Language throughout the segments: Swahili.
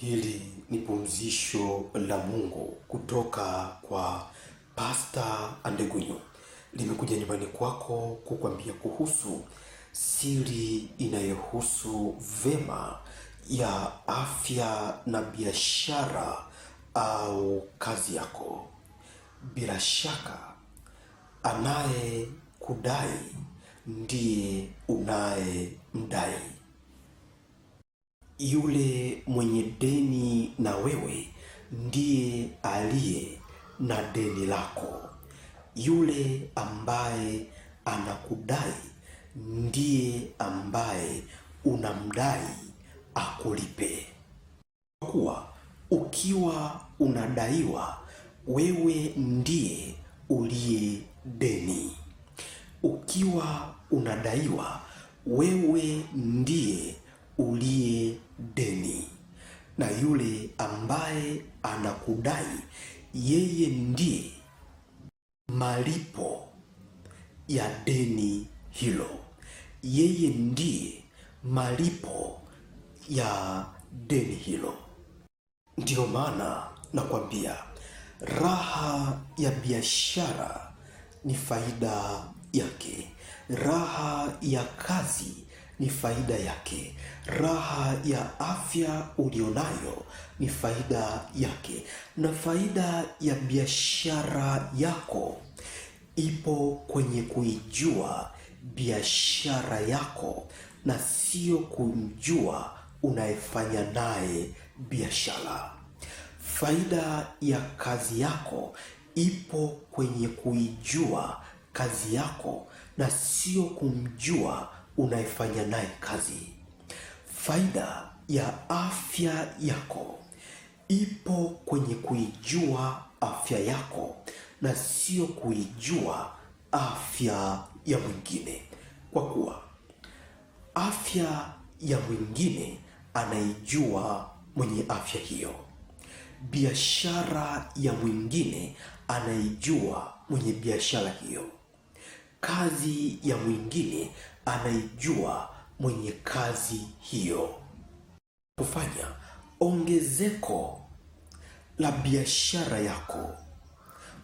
Hili ni pumzisho la Mungu kutoka kwa Pasta Andegunyu, limekuja nyumbani kwako kukwambia kuhusu siri inayohusu vema ya afya na biashara au kazi yako. Bila shaka anayekudai ndiye unaye mdai yule mwenye deni na wewe ndiye aliye na deni lako. Yule ambaye anakudai ndiye ambaye unamdai akulipe. Kwa kuwa ukiwa unadaiwa, wewe ndiye uliye deni. Ukiwa unadaiwa, wewe ndiye uliye deni, na yule ambaye anakudai yeye ndiye malipo ya deni hilo, yeye ndiye malipo ya deni hilo. Ndiyo maana nakwambia raha ya biashara ni faida yake, raha ya kazi ni faida yake. Raha ya afya ulionayo ni faida yake, na faida ya biashara yako ipo kwenye kuijua biashara yako na sio kumjua unayefanya naye biashara. Faida ya kazi yako ipo kwenye kuijua kazi yako na sio kumjua unayefanya naye kazi. Faida ya afya yako ipo kwenye kuijua afya yako na sio kuijua afya ya mwingine, kwa kuwa afya ya mwingine anaijua mwenye afya hiyo. Biashara ya mwingine anaijua mwenye biashara hiyo. Kazi ya mwingine anaijua mwenye kazi hiyo. Kufanya ongezeko la biashara yako,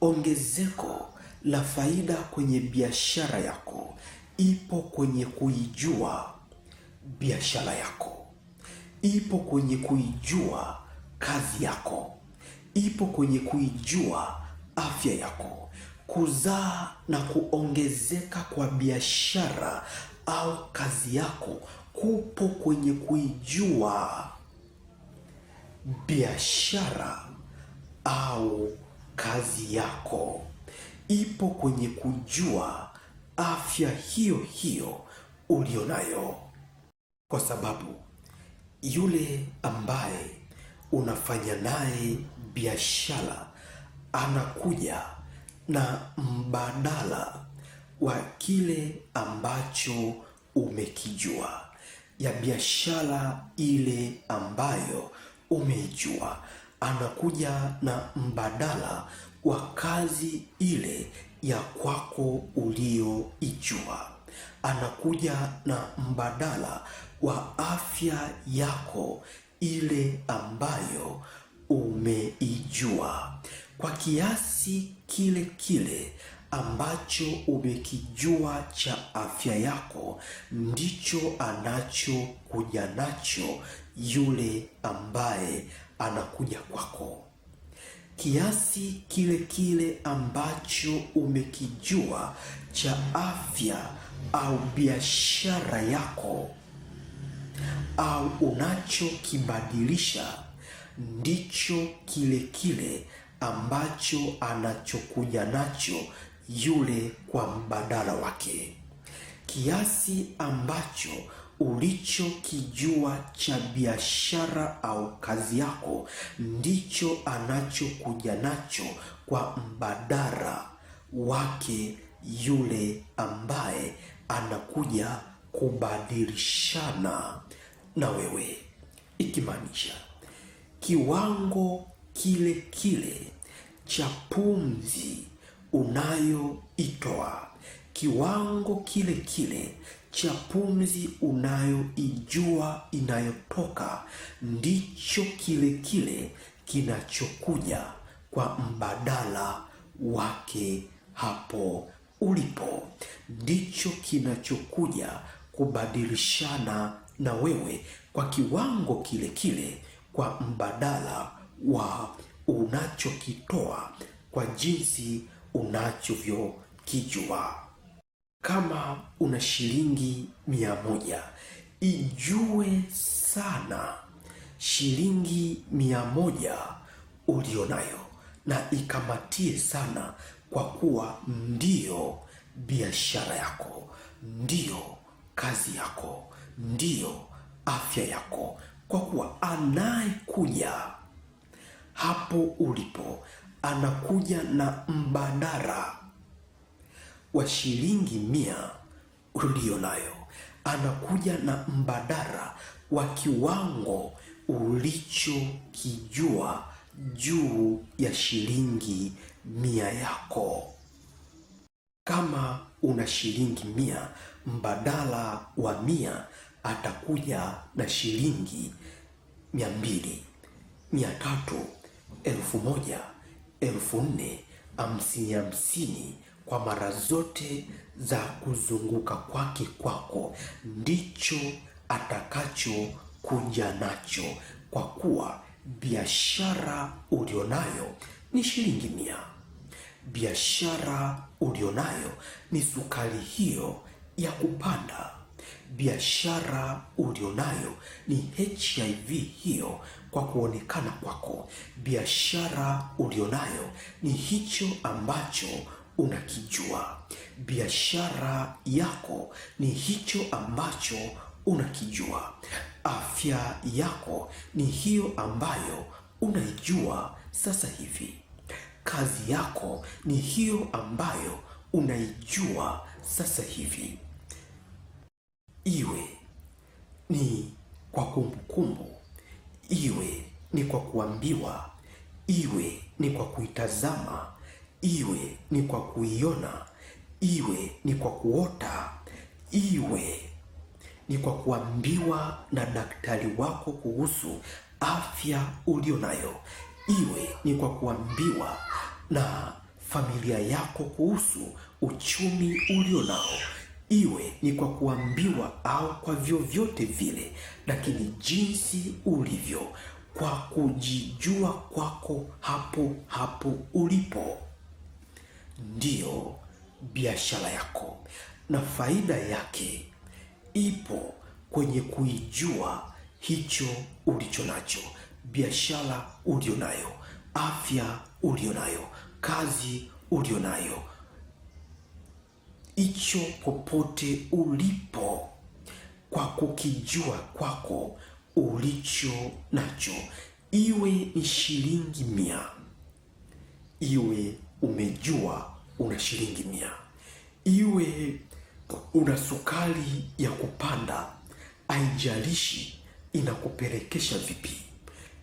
ongezeko la faida kwenye biashara yako ipo kwenye kuijua biashara yako, ipo kwenye kuijua kazi yako, ipo kwenye kuijua afya yako kuzaa na kuongezeka kwa biashara au kazi yako kupo kwenye kuijua biashara au kazi yako, ipo kwenye kujua afya hiyo hiyo ulionayo, kwa sababu yule ambaye unafanya naye biashara anakuja na mbadala wa kile ambacho umekijua, ya biashara ile ambayo umeijua. Anakuja na mbadala wa kazi ile ya kwako uliyoijua. Anakuja na mbadala wa afya yako ile ambayo umeijua kwa kiasi kile kile ambacho umekijua cha afya yako ndicho anachokuja nacho yule ambaye anakuja kwako. Kiasi kile kile ambacho umekijua cha afya au biashara yako au unachokibadilisha ndicho kile kile ambacho anachokuja nacho yule kwa mbadala wake. Kiasi ambacho ulichokijua cha biashara au kazi yako ndicho anachokuja nacho kwa mbadala wake yule ambaye anakuja kubadilishana na wewe, ikimaanisha kiwango kile kile cha pumzi unayoitoa, kiwango kile kile cha pumzi unayoijua inayotoka, ndicho kile kile kinachokuja kwa mbadala wake hapo ulipo, ndicho kinachokuja kubadilishana na wewe kwa kiwango kile kile kwa mbadala wa unachokitoa kwa jinsi unachovyokijua. Kama una shilingi mia moja, ijue sana shilingi mia moja ulionayo na ikamatie sana, kwa kuwa ndiyo biashara yako, ndiyo kazi yako, ndiyo afya yako, kwa kuwa anayekuja hapo ulipo anakuja na mbadala wa shilingi mia ulio nayo, anakuja na mbadala wa kiwango ulichokijua juu ya shilingi mia yako. Kama una shilingi mia, mbadala wa mia atakuja na shilingi mia mbili, mia tatu elfu moja elfu nne hamsini hamsini kwa mara zote za kuzunguka kwake kwako, ndicho atakachokuja nacho, kwa kuwa biashara ulionayo ni shilingi mia. Biashara ulionayo ni sukari hiyo ya kupanda. Biashara ulionayo ni HIV hiyo kwa kuonekana kwako. Biashara ulionayo ni hicho ambacho unakijua. Biashara yako ni hicho ambacho unakijua. Afya yako ni hiyo ambayo unaijua sasa hivi. Kazi yako ni hiyo ambayo unaijua sasa hivi, iwe ni kwa kumbukumbu iwe ni kwa kuambiwa, iwe ni kwa kuitazama, iwe ni kwa kuiona, iwe ni kwa kuota, iwe ni kwa kuambiwa na daktari wako kuhusu afya ulio nayo, iwe ni kwa kuambiwa na familia yako kuhusu uchumi ulio nao iwe ni kwa kuambiwa au kwa vyovyote vile, lakini jinsi ulivyo kwa kujijua kwako hapo hapo ulipo, ndiyo biashara yako, na faida yake ipo kwenye kuijua hicho ulicho nacho, biashara ulionayo, afya ulionayo, kazi ulionayo hicho popote ulipo, kwa kukijua kwako ulicho nacho, iwe ni shilingi mia, iwe umejua una shilingi mia, iwe una sukari ya kupanda, haijalishi inakupelekesha vipi,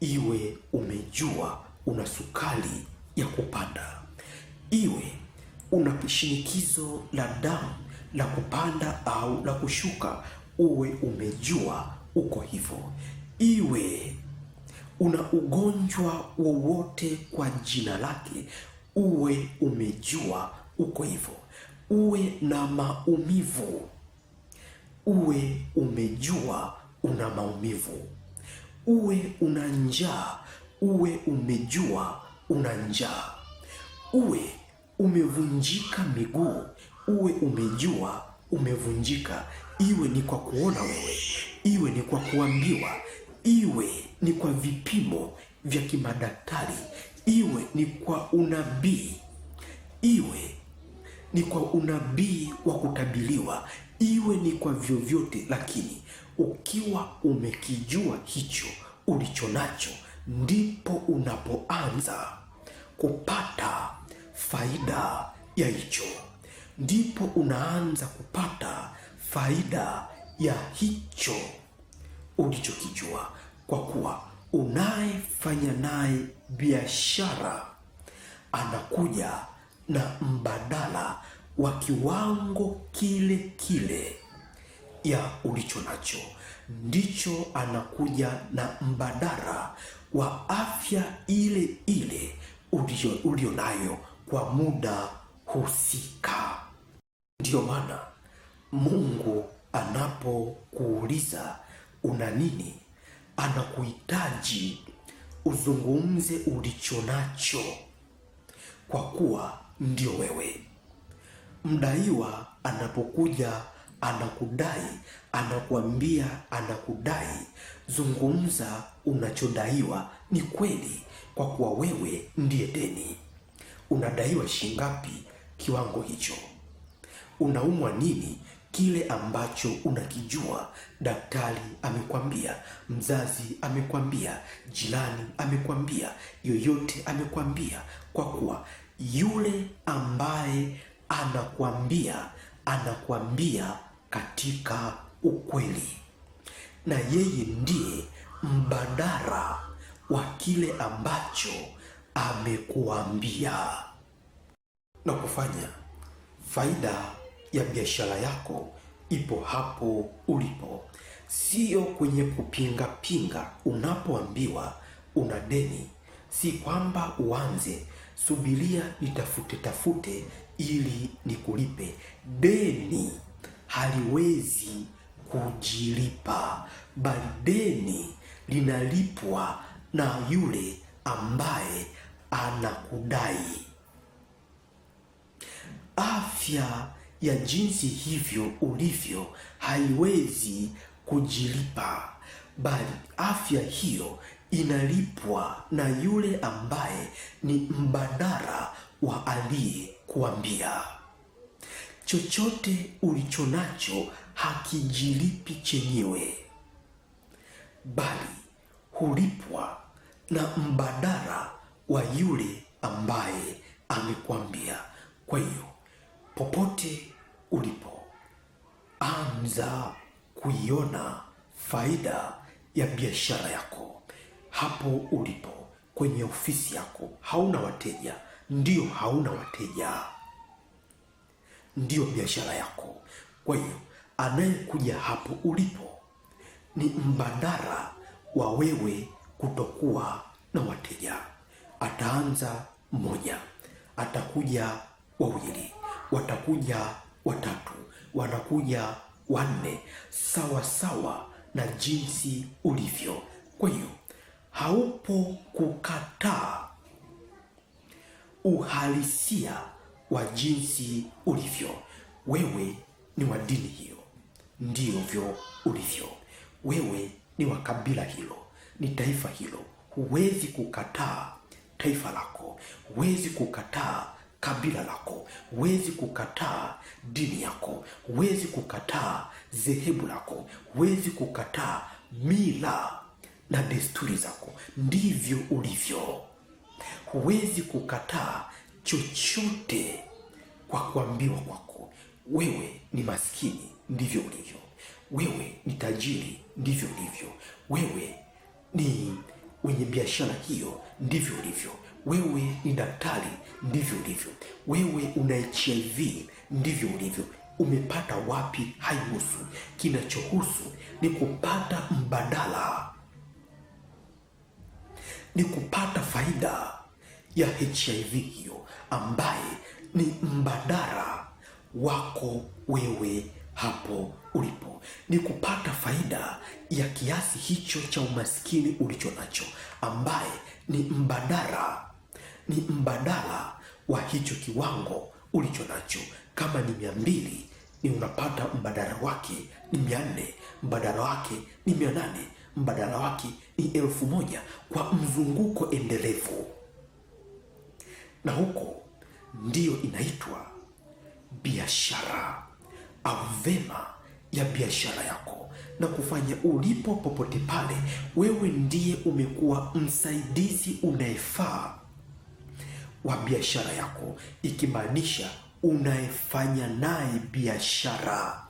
iwe umejua una sukari ya kupanda, iwe una shinikizo la damu la kupanda au la kushuka, uwe umejua uko hivyo. Iwe una ugonjwa wowote kwa jina lake, uwe umejua uko hivyo. Uwe na maumivu, uwe umejua una maumivu. Uwe una njaa, uwe umejua una njaa. Uwe umevunjika miguu, uwe umejua umevunjika, iwe ni kwa kuona wewe, iwe ni kwa kuambiwa, iwe ni kwa vipimo vya kimadaktari, iwe ni kwa unabii, iwe ni kwa unabii wa kutabiliwa iwe ni kwa vyovyote, lakini ukiwa umekijua hicho ulicho nacho, ndipo unapoanza kupata faida ya hicho, ndipo unaanza kupata faida ya hicho ulichokijua, kwa kuwa unayefanya naye biashara anakuja na mbadala wa kiwango kile kile ya ulicho nacho, ndicho anakuja na mbadala wa afya ile ile ulio nayo kwa muda husika. Ndiyo maana Mungu anapokuuliza una nini, anakuhitaji uzungumze ulicho nacho, kwa kuwa ndio wewe. Mdaiwa anapokuja anakudai, anakuambia, anakudai, zungumza unachodaiwa ni kweli, kwa kuwa wewe ndiye deni unadaiwa shingapi, kiwango hicho, unaumwa nini, kile ambacho unakijua daktari amekwambia, mzazi amekwambia, jirani amekwambia, yoyote amekwambia, kwa kuwa yule ambaye anakwambia anakwambia katika ukweli, na yeye ndiye mbadala wa kile ambacho amekuambia na kufanya faida ya biashara yako ipo hapo ulipo, sio kwenye kupingapinga. Unapoambiwa una deni, si kwamba uanze subiria nitafute tafute ili nikulipe. Deni haliwezi kujilipa, bali deni linalipwa na yule ambaye anakudai. Afya ya jinsi hivyo ulivyo haiwezi kujilipa, bali afya hiyo inalipwa na yule ambaye ni mbadala wa aliyekuambia. Chochote ulicho nacho hakijilipi chenyewe, bali hulipwa na mbadala wa yule ambaye amekwambia. Kwa hiyo popote ulipo, anza kuiona faida ya biashara yako hapo ulipo kwenye ofisi yako hauna wateja, ndio hauna wateja, ndiyo biashara yako. Kwa hiyo anayekuja hapo ulipo ni mbadala wa wewe kutokuwa na wateja ataanza mmoja, atakuja wawili, watakuja watatu, wanakuja wanne, sawa sawa na jinsi ulivyo. Kwa hiyo haupo kukataa uhalisia wa jinsi ulivyo. Wewe ni wa dini hiyo, ndivyo ulivyo. Wewe ni wa kabila hilo, ni taifa hilo, huwezi kukataa taifa lako, huwezi kukataa kabila lako, huwezi kukataa dini yako, huwezi kukataa dhehebu lako, huwezi kukataa mila na desturi zako. Ndivyo ulivyo. Huwezi kukataa chochote kwa kuambiwa kwako. Wewe ni maskini, ndivyo ulivyo. Wewe ni tajiri, ndivyo ulivyo. Wewe ni wenye biashara hiyo, ndivyo ulivyo wewe. Ni daktari, ndivyo ulivyo wewe. Una HIV, ndivyo ulivyo. Umepata wapi? Haihusu. Kinachohusu ni kupata mbadala, ni kupata faida ya HIV hiyo ambaye ni mbadala wako wewe hapo ulipo ni kupata faida ya kiasi hicho cha umaskini ulicho nacho, ambaye ni mbadala, ni mbadala wa hicho kiwango ulicho nacho. Kama ni mia mbili, ni unapata mbadala wake ni mia nne, mbadala wake ni mia nane, mbadala wake ni elfu moja kwa mzunguko endelevu, na huko ndiyo inaitwa biashara au vema ya biashara yako na kufanya ulipo popote pale, wewe ndiye umekuwa msaidizi unayefaa wa biashara yako, ikimaanisha unayefanya naye biashara,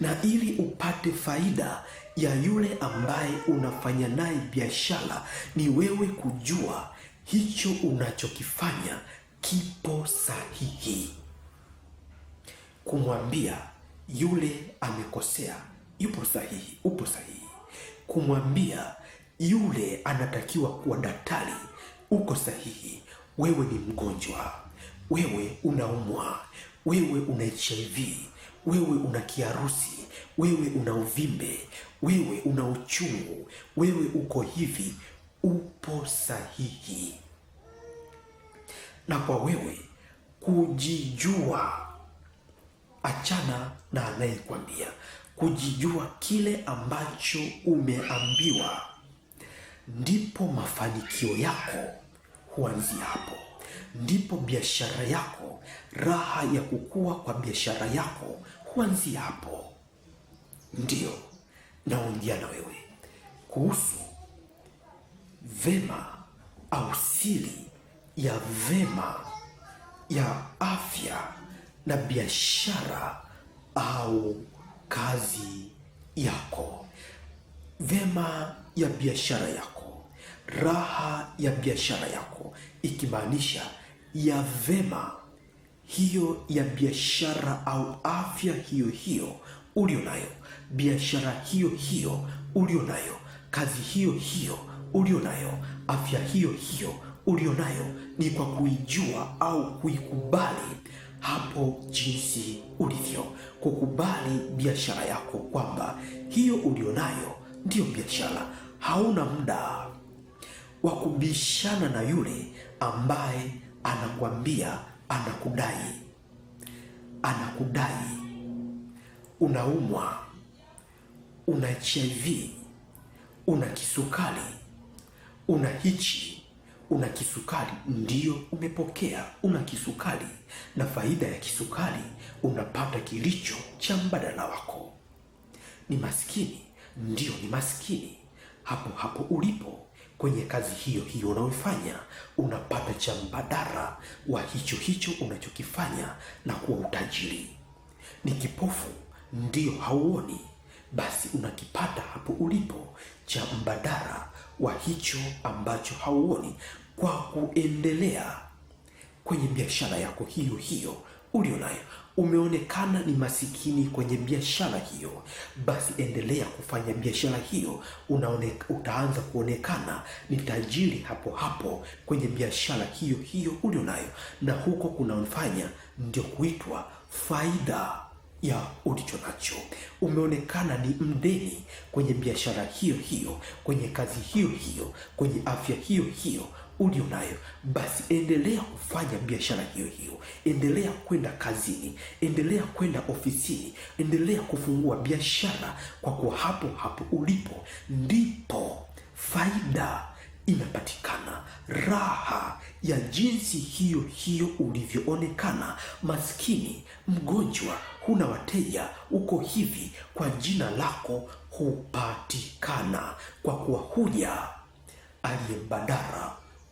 na ili upate faida ya yule ambaye unafanya naye biashara, ni wewe kujua hicho unachokifanya kipo sahihi kumwambia yule amekosea, yupo sahihi, upo sahihi, kumwambia yule anatakiwa kuwa daktari, uko sahihi, wewe ni mgonjwa, wewe unaumwa, wewe una HIV, wewe una kiharusi, wewe una uvimbe, wewe una uchungu, wewe uko hivi, upo sahihi. Na kwa wewe kujijua achana na anayekwambia. Kujijua kile ambacho umeambiwa, ndipo mafanikio yako huanzia hapo, ndipo biashara yako, raha ya kukua kwa biashara yako huanzia hapo. ndio naongea na wewe kuhusu vema au sili ya vema ya afya na biashara au kazi yako, vema ya biashara yako, raha ya biashara yako, ikimaanisha ya vema hiyo ya biashara au afya hiyo hiyo ulio nayo, biashara hiyo hiyo ulio nayo, kazi hiyo hiyo ulio nayo, afya hiyo hiyo ulionayo ni kwa kuijua au kuikubali hapo jinsi ulivyo, kukubali biashara yako kwamba hiyo ulionayo ndiyo biashara. Hauna muda wa kubishana na yule ambaye anakwambia, anakudai, anakudai unaumwa, una HIV, una kisukari, una hichi una kisukari, ndio umepokea, una kisukari na faida ya kisukari, unapata kilicho cha mbadala wako. Ni maskini, ndio ni maskini. Hapo hapo ulipo kwenye kazi hiyo hiyo unaoifanya unapata cha mbadala wa hicho hicho unachokifanya na kuwa utajiri. Ni kipofu, ndio hauoni, basi unakipata hapo ulipo cha mbadala wa hicho ambacho hauoni, kwa kuendelea kwenye biashara yako hiyo hiyo ulio nayo. Umeonekana ni masikini kwenye biashara hiyo, basi endelea kufanya biashara hiyo, unaone, utaanza kuonekana ni tajiri hapo hapo kwenye biashara hiyo hiyo ulio nayo, na huko kunamfanya ndio kuitwa faida ya ulicho nacho. Umeonekana ni mdeni kwenye biashara hiyo hiyo, kwenye kazi hiyo hiyo, kwenye afya hiyo hiyo ulio nayo, basi endelea kufanya biashara hiyo hiyo, endelea kwenda kazini, endelea kwenda ofisini, endelea kufungua biashara, kwa kuwa hapo hapo ulipo ndipo faida inapatikana, raha ya jinsi hiyo hiyo ulivyoonekana maskini, mgonjwa, huna wateja, uko hivi, kwa jina lako hupatikana, kwa kuwa huja aliye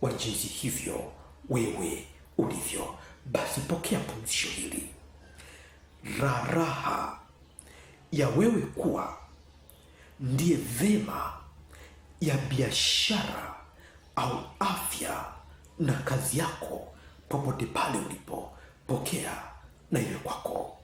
wa jinsi hivyo wewe ulivyo, basi pokea pumzisho hili la raha ya wewe kuwa ndiye vema ya biashara au afya na kazi yako, popote pale ulipo, pokea na iwe kwako.